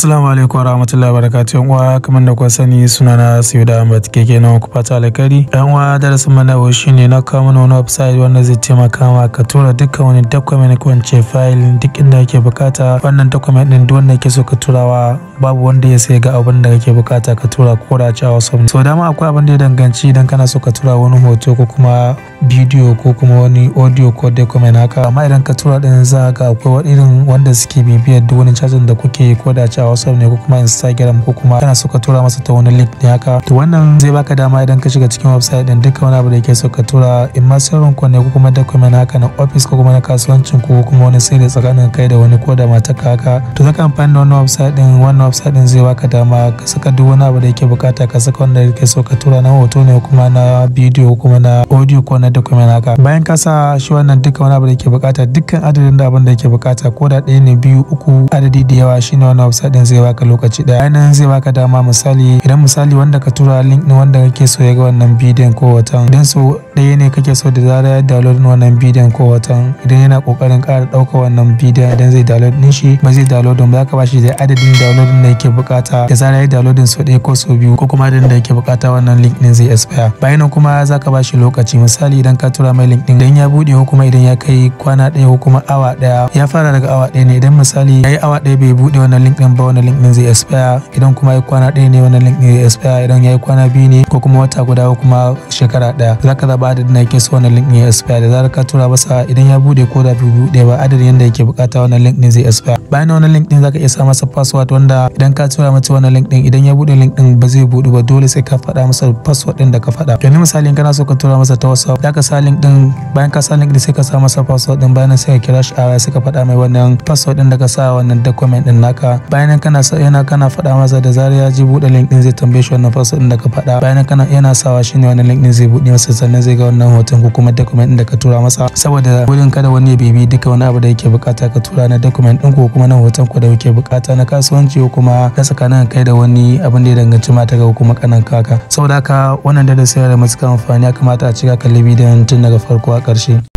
Assalamu alaikum wa rahmatullahi wa barakatuh uwa kamar da kun sani sunana Sayyid Ahmad keke nan ku fata alkari yan uwa darasin mana shi shine na kawo mana wani website wanda zai taimaka ma ka tura dukkan wani document ko wance file duk inda kake bukata wannan document din duk wanda kake so ka turawa babu wanda ya sai ga abin da kake bukata ka tura ko da cewa so so da ma akwai abin da ya danganci idan kana so ka tura wani hoto ko kuma bidiyo ko kuma wani audio ko document haka amma idan ka tura din za ka akwai irin wanda suke bibiyar duk wani charging da kuke ko da ci whatsapp ne ko kuma instagram ko kuma kana so ka tura masa ta wani link ne haka to wannan zai baka dama idan ka shiga cikin website din duka wani abu da yake so ka tura in ma sirrin ku ne ko kuma document haka na office ko kuma na kasuwancin ko kuma wani sirri tsakanin kai da wani ko da matar ka haka to zaka amfani da wannan website din wannan website din zai baka dama ka saka duk wani abu da yake bukata ka saka wanda yake so ka tura na hoto ne ko kuma na video ko kuma na audio ko na document haka bayan ka sa shi wannan duka wani abu da yake bukata dukkan adadin da abin da yake bukata ko da ɗaya ne biyu uku adadi da yawa shine wannan website hakan zai baka lokaci daya nan zai baka dama misali idan misali wanda ka tura link na wanda kake so ya ga wannan bidiyon ko hoton idan so ɗaya ne kake so da zarar ya download wannan bidiyon ko watan idan yana kokarin ƙara ɗauka wannan bidiyon idan zai download din shi ba zai download ba za ka bashi da adadin download da yake bukata da zarar ya download din so ɗaya ko so biyu ko kuma adadin da yake bukata wannan link din zai expire bayan kuma za ka bashi lokaci misali idan ka tura mai link din idan ya buɗe ko kuma idan ya kai kwana ɗaya ko kuma awa ɗaya ya fara daga awa ɗaya ne idan misali ya yi awa ɗaya bai buɗe wannan link din ba wannan link din zai expire idan kuma ya kwana ɗaya ne wannan link din zai expire idan ya yi kwana biyu ne ko kuma wata guda ko kuma shekara ɗaya za ka zaba adadin da yake so wannan link ne ya expire da zarar ka tura masa idan ya bude ko da biyu ɗaya ba adadin yadda yake bukata wannan link din zai expire bayan wannan link din zaka iya sa masa password wanda idan ka tura masa wannan link din idan ya bude link din ba zai bude ba dole sai ka faɗa masa password din da ka faɗa yanzu misali in kana so ka tura masa ta WhatsApp zaka sa link din bayan ka sa link din sai ka sa masa password din bayan sai ka kira shi a waya sai ka faɗa mai wannan password din da ka sa wannan document din naka bayan kana yana kana faɗa masa da zarar ya ji bude link din zai tambaye shi wannan password din da ka faɗa bayan kana yana sawa shine wannan link din zai bude masa sannan zai ga wannan hoton ko kuma document da ka tura masa saboda gudun kada wani ya bibi duka wani abu da yake bukata ka tura na document din ko kuma na hoton ku da yake bukata na kasuwanci ko kuma na tsakanin kai da wani abin da ya danganci mata ga kuma kanan kaka saboda haka wannan da da sai da matuƙar amfani ya kamata a cika kalli bidiyon tun daga farko a ƙarshe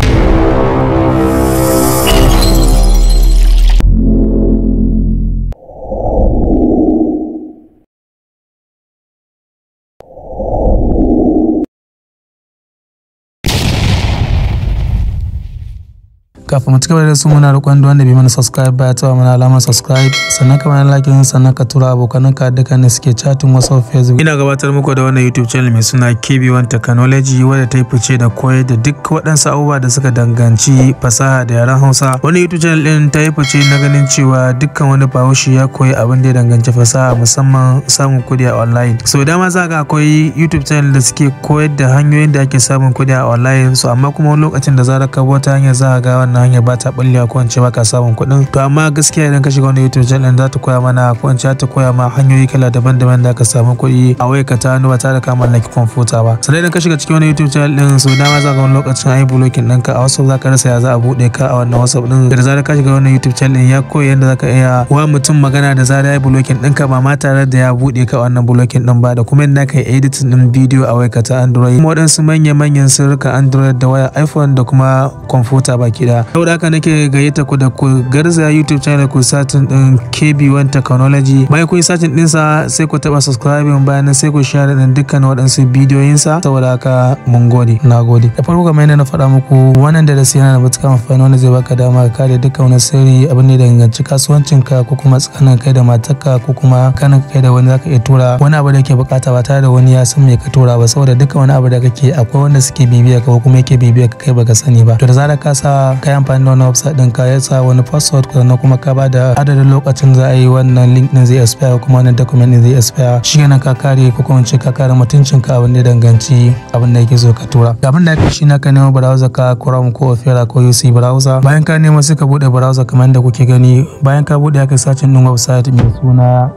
kafin mu cigaba da su muna roƙon duk wanda bai mana subscribe ba ya taba mana alamar subscribe sannan ka mana like sannan ka tura ka dukkan da suke chatin wasu facebook ina gabatar muku da wannan youtube channel mai suna KB1 Technology wadda ta yi fice da koyar da duk waɗansu abubuwa da suka danganci fasaha da yaren Hausa wani youtube channel din ta yi fice na ganin cewa dukkan wani bahaushe ya koyi abin da ya danganci fasaha musamman samun kuɗi a online so dama za ka akwai youtube channel da suke koyar da hanyoyin da ake samun kuɗi a online so amma kuma lokacin da zarar ka bota hanyar za ga wannan hanyar ba ta ɓullewa ko in ce ba ka samun kuɗin to amma gaskiya idan ka shiga wani youtube channel za ta koya mana ko in ce ta koya ma hanyoyi kala daban-daban da ka samu kuɗi a wayar ka ta hannu ba tare da na ki komfuta ba sannan idan ka shiga cikin wani youtube channel din so dama za ka wani lokacin an blocking ɗinka a whatsapp za ka rasa ya za a buɗe ka a wannan whatsapp din da zarar ka shiga wannan youtube channel din ya koya yadda za ka iya wa mutum magana da zarar ya yi blocking ɗinka ba ma tare da ya buɗe ka wannan blocking ɗin ba da kuma yadda ka yi editing ɗin bidiyo a wayar ka ta android kuma waɗansu manya-manyan sirrika android da wayar iphone da kuma computer baki da Yau da haka nake gayyata ku da ku garza YouTube channel ku satin din KB1 Technology. Bayan kun yi satin din sa sai ku taba subscribing bayan sai ku share din dukkan waɗansu bidiyoyin sa saboda haka mun gode. Na gode. Da farko kamar yadda na faɗa muku wannan darasi yana da matuƙar amfani wanda zai baka dama ka kare dukkan wani sirri abin da danganci kasuwancinka ko kuma tsakanin kai da matarka ko kuma kanin kai da wani zaka iya tura wani abu da yake bukata ba tare da wani ya san me ka tura ba saboda dukkan wani abu da kake akwai wanda suke bibiya ka ko kuma yake bibiya ka kai baka sani ba. To da zarar ka sa yi amfani da wani website din ka ya sa wani password na kuma ka ba da adadin lokacin za a yi wannan link din zai expire kuma wannan document din zai expire shi ne ka kare ko kuma ce ka kare mutuncin ka abin da danganci abin da yake so ka tura ga abin da yake shi na ka nemo browser ka Chrome ko Opera ko UC browser bayan ka nemo sai ka bude browser kamar yadda kuke gani bayan ka bude aka sacin din website mai suna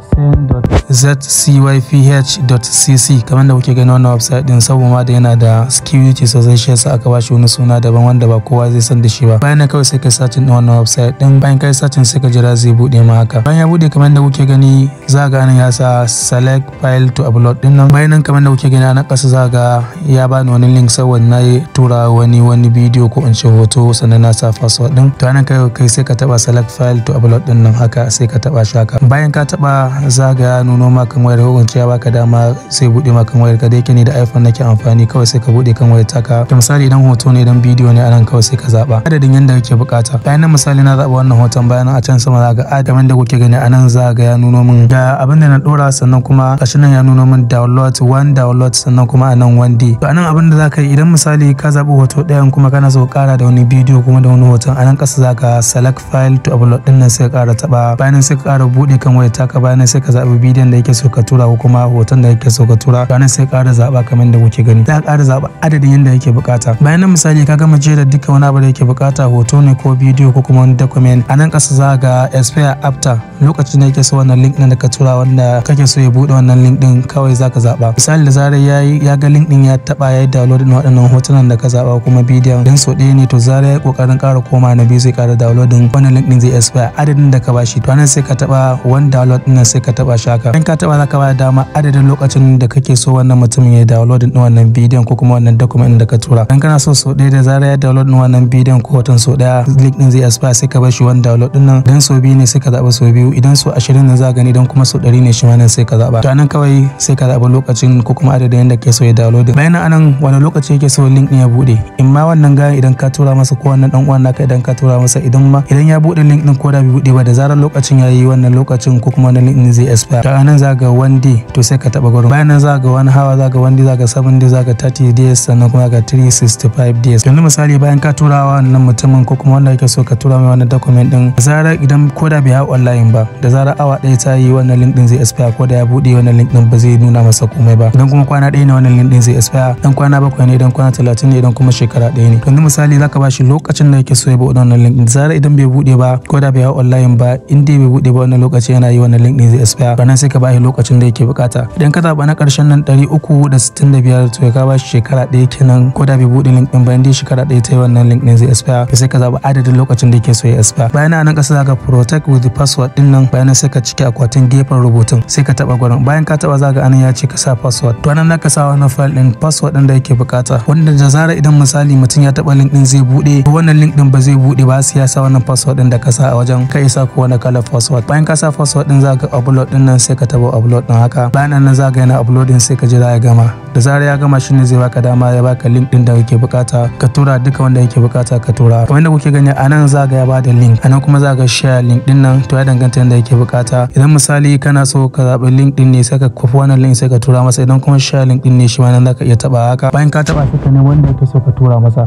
sen.zcyph.cc kamar da kuke gani wannan website din saboda ma da yana da security sosai shi yasa aka ba shi wani suna daban wanda ba kowa zai san da shi ba bayan nan kawai sai kai sacin din wannan website din bayan kai sacin sai ka jira zai bude ma haka bayan ya bude kamar da kuke gani za ga nan ya sa select file to upload din nan bayan nan kamar da kuke gani na kasa za ga ya bani wani link saboda na tura wani wani bidiyo ko in ce hoto sannan na sa password din to nan kai kai sai ka taba select file to upload din nan haka sai ka taba shaka bayan ka taba za ga ya nuno ma kan wayar ko in ce ya baka dama sai bude ma kan wayar ka da yake ni da iPhone nake amfani kawai sai ka bude kan wayar taka misali idan hoto ne idan bidiyo ne anan kawai sai ka zaba adadin yadda kake bukata bayan nan misali na zaba wannan hoton bayan a can sama za ga ad kamar da kuke gani a nan za ga ya nuno min da abin da na dora sannan kuma kashin nan ya nuno min download one download sannan kuma a nan one day to a nan abin da zaka yi idan misali ka zabi hoto ɗayan kuma kana so ƙara da wani bidiyo kuma da wani hoton a nan ƙasa za ka select file to upload ɗin nan sai ka ƙara taɓa bayan nan sai ka ƙara buɗe kan wayar taka bayan nan sai ka zabi bidiyon da yake so ka tura ko kuma hoton da yake so ka tura bayan nan sai ka ƙara zaba kamar da kuke gani za ka ƙara zaba adadin yadda yake bukata bayan nan misali ka gama jera duka wani abu da yake bukata hoto ne ko bidiyo ko kuma wani document a nan kasa za ga expire after lokacin da yake so wannan link ɗin da ka tura wanda kake so ya buɗe wannan link ɗin kawai za ka zaɓa misali da zarar ya ya ga link ɗin ya taɓa ya yi download ɗin waɗannan hotunan da ka zaɓa kuma bidiyon ɗin so ɗaya ne to zarar ya ƙoƙarin ƙara koma na biyu zai ƙara download ɗin wannan link ɗin zai expire adadin da ka bashi to nan sai ka taɓa one download ɗin sai ka taɓa shaka in ka taɓa za ka ba dama adadin lokacin da kake so wannan mutumin ya download ɗin wannan bidiyon ko kuma wannan document da ka tura in kana so so ɗaya da zarar ya download ɗin wannan bidiyon ko hoton zaɓin so ɗaya link ɗin zai aspire sai ka bar shi wani download ɗin nan idan so biyu ne sai ka zaɓa so biyu idan so ashirin ne za gani idan kuma so ɗari ne shi ma nan sai ka zaɓa to anan kawai sai ka zaɓa lokacin ko kuma adadin yadda ke so ya download bayan nan anan wani lokaci yake so link ɗin ya buɗe in ma wannan gayan idan ka tura masa ko wannan ɗan uwan naka idan ka tura masa idan ma idan ya buɗe link ɗin ko da bai buɗe ba da zarar lokacin ya yi wannan lokacin ko kuma wannan link ɗin zai expire to anan za ga one day to sai ka taɓa gurin bayan nan za ga one hour za ga one day za ga seven day za ga thirty days sannan kuma za ga three sixty five days yanzu misali bayan ka turawa wannan mutum musamman ko kuma wanda kake so ka tura mai wannan document din zara idan koda bai hau online ba da zara awa ɗaya ta yi wannan link din zai expire ko da ya buɗe wannan link din ba zai nuna masa komai ba idan kuma kwana ɗaya ne wannan link din zai expire dan kwana bakwai ne idan kwana talatin ne idan kuma shekara ɗaya ne yanzu misali zaka ba shi lokacin da yake so ya buɗe wannan link din zara idan bai buɗe ba ko da bai hau online ba in dai bai buɗe ba wannan lokaci yana yi wannan link din zai expire sannan sai ka ba shi lokacin da yake bukata idan ka zaɓa na ƙarshen nan ɗari uku da sittin da biyar to ka ba shi shekara ɗaya kenan ko da bai buɗe link din ba in dai shekara ɗaya ta yi wannan link din zai expire ka sai ka zaɓi adadin lokacin da ke so ya iska bayan nan ka saka protect with the password din nan bayan sai ka cike akwatin gefen rubutun sai ka taba gurin bayan ka taba zaga anan ya ce ka sa password to nan ka sa wannan file din password din da yake bukata wanda da zara idan misali mutum ya taba link din zai bude wannan link din ba zai bude ba sai ya sa wannan password din da ka sa a wajen ka isa ko wani kala password bayan ka sa password din zaka upload din nan sai ka taba upload din haka bayan nan zaka yana uploading sai ka jira ya gama da zara ya gama shine zai baka dama ya baka link din da yake bukata ka tura duka wanda yake bukata ka tura kamar da kuke gani a nan za ga ya bada link a nan kuma za ga share link din nan to ya danganta da yake bukata idan misali kana so ka zaɓi link din ne sai ka kwafi wannan link sai ka tura masa idan kuma share link din ne shi ma nan za ka iya taba haka bayan ka taba shi ka ne wanda yake so ka tura masa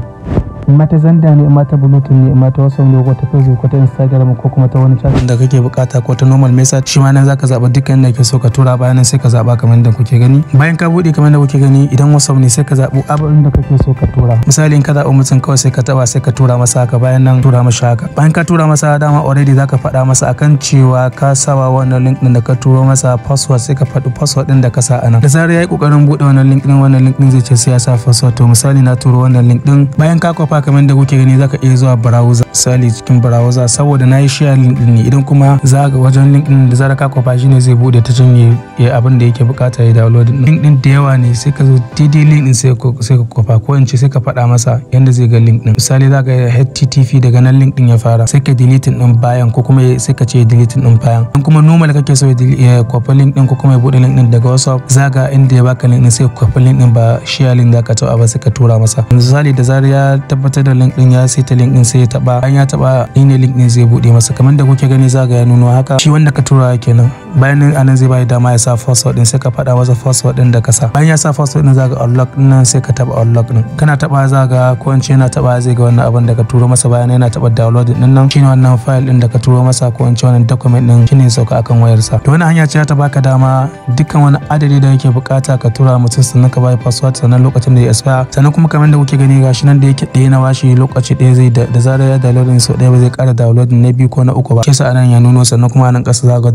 in zanda ne in bulutun ne in ma ne ko ta facebook ko ta instagram ko kuma ta wani chat da kake bukata ko ta normal message shi ma nan zaka zaba dukkan da ke so ka tura bayanan sai ka zaba kamar da kuke gani bayan ka bude kamar da kuke gani idan wasan ne sai ka zabi abin da kake so ka tura misali in ka zabi mutum kawai sai ka taba sai ka tura masa haka bayan nan tura masa haka bayan ka tura masa dama already zaka faɗa masa akan cewa ka saba wannan link din da ka turo masa password sai ka faɗi password din da ka sa anan da zarar yayi kokarin bude wannan link din wannan link din zai ce sai ya sa password to misali na turo wannan link din bayan ka kwafa kamar da kuke gani zaka iya zuwa browser sali cikin browser saboda na yi share link din ne idan kuma za ga wajen link din da zara ka kwafa shine zai bude ta can ya abin da yake bukata ya download din link din da yawa ne sai ka zo daidai link din sai ka kwafa ko in ce sai ka faɗa masa yanda zai ga link din misali za ga http daga nan link din ya fara sai ka delete din bayan ko kuma sai ka ce delete din bayan dan kuma normal kake so ya kwafa link din ko kuma ya bude link din daga whatsapp za ga inda ya baka link din sai ka kwafa link din ba share link zaka taɓa ba sai ka tura masa misali da zarar ya tabbatar tabbatar da link din ya saita link din sai ya taba bayan ya taba ni ne link din zai bude masa kamar da kuke gani za ga ya nuno haka shi wanda ka tura kenan bayan nan anan zai bai dama ya sa password din sai ka fada masa password din da ka sa bayan ya sa password din za ga unlock din nan sai ka taba unlock din kana taba za ga ko in ce yana taba zai ga wannan abin da ka tura masa bayan yana taba download din nan shine wannan file din da ka tura masa ko in ce wannan document din shine sauka akan wayarsa to wannan hanya ce ta baka dama dukkan wani adadi da yake bukata ka tura mutum sannan ka bai password sannan lokacin da ya expire sannan kuma kamar da kuke gani gashi nan da yake ɗaya na na bashi lokaci ɗaya zai da zarar ya downloading sau ɗaya ba zai ƙara downloading na biyu ko na uku ba shi anan ya nuno sannan kuma anan ƙasa za ga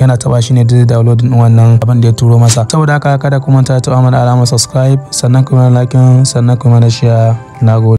yana taba shi ne da downloading ɗin wannan abin da ya turo masa saboda haka kada ku manta ta taɓa mana alamar subscribe sannan kuma like sannan kuma na share nagode